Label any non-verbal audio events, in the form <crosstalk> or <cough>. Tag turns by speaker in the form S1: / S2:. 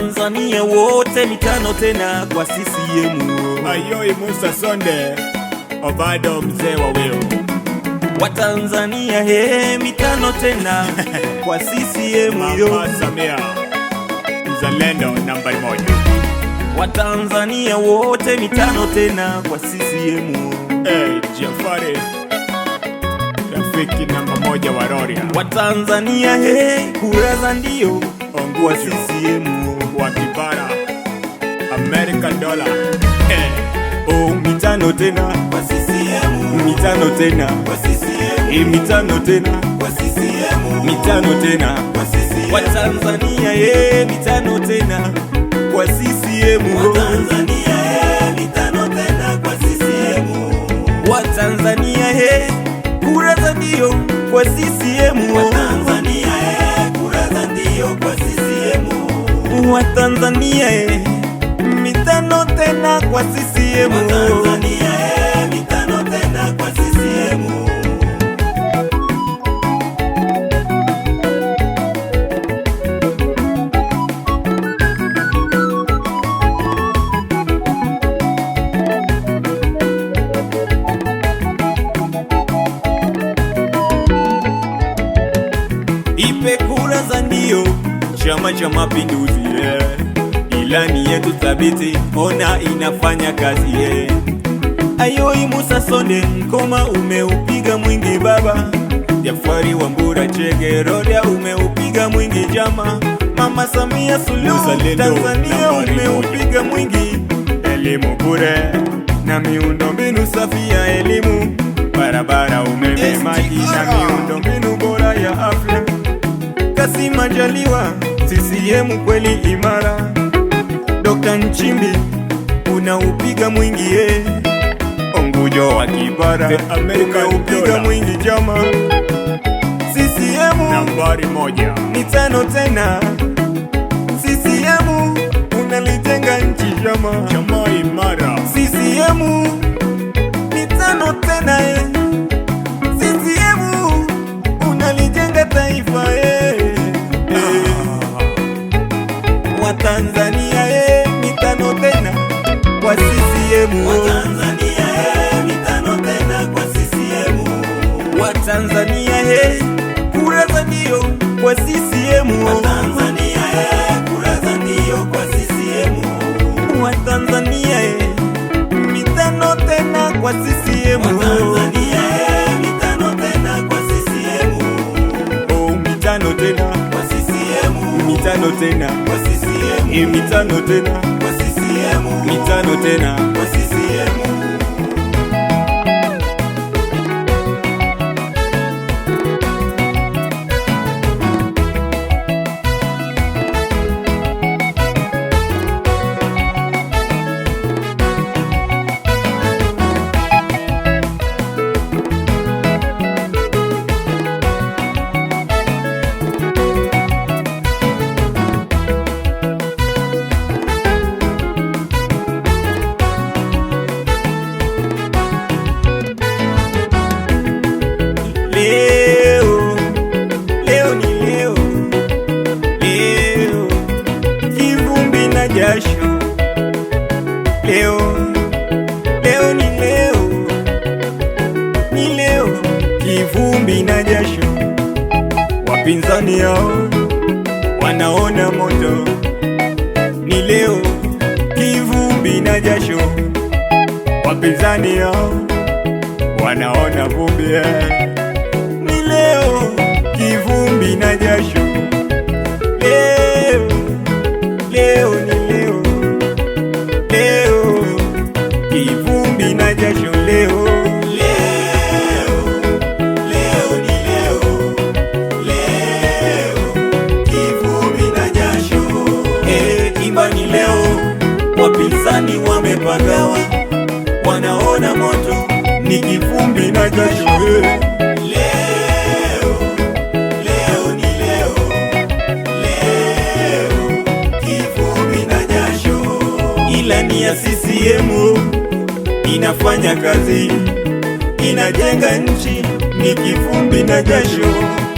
S1: Tanzania wote mitano tena kwa CCM.
S2: Ayoi Musa Sonde Obado mzee wa
S1: weo. Tanzania he eh, mitano tena <laughs> kwa CCM.
S2: Mama Samia mzalendo namba
S1: moja. Wa Tanzania wote mitano tena kwa CCM.
S2: Hey, eh, Jafari rafiki namba
S1: moja wa Rorya. Watanzania he eh, kura za ndio ongua CCM. Kayola eh. Oh, mitano tena
S3: kwa CCM,
S1: mitano tena kwa eh, mitano tena mitano tena kwa Tanzania eh, mitano tena kwa CCM, eh, kwa Tanzania eh, kura za ndio kwa CCM, wa
S3: Tanzania eh, kura za ndio kwa CCM,
S1: wa Tanzania eh tena kwa CCM. Eh,
S2: Ipe kura za ndio Chama cha Mapinduzi, yeah. Ilani yetu thabiti, ona inafanya kazi ye. Ayoi Musa Sonde, mkoma umeupiga mwingi baba. Jafari wa mbura Chege, Roria umeupiga mwingi jama. Mama Samia Suluhu, Tanzania umeupiga mwingi. Elimu bure na miundombinu safi ya elimu, barabara, umeme, maji na miundombinu bora ya afya. kasi Majaliwa, CCM kweli imara mchimbi unaupiga mwingi ye eh. ongujo wa kibara ukaupiga mwingi chama CCM nambari moja ni tano tena CCM unalijenga nchi chama chama imara CCM kwa CCM
S3: Watanzania, eh, kura za kwa eh, tena
S2: kwa eh, tena kwa oh, mitano tena kwa CCM
S1: mitano
S3: tena kwa
S1: CCM mitano
S3: tena kwa
S1: CCM mitano
S3: tena kwa CCM
S2: jasho. Leo leo ni leo, ni leo, kivumbi na jasho. Wapinzani yao wanaona moto, ni leo, kivumbi na jasho. Wapinzani yao wanaona vumbi, eh. ni leo, kivumbi na jasho ya moto ni kivumbi na jasho.
S3: Eh. Leo ni
S2: Ilani ya CCM oh. inafanya kazi, inajenga nchi, ni kivumbi na jasho.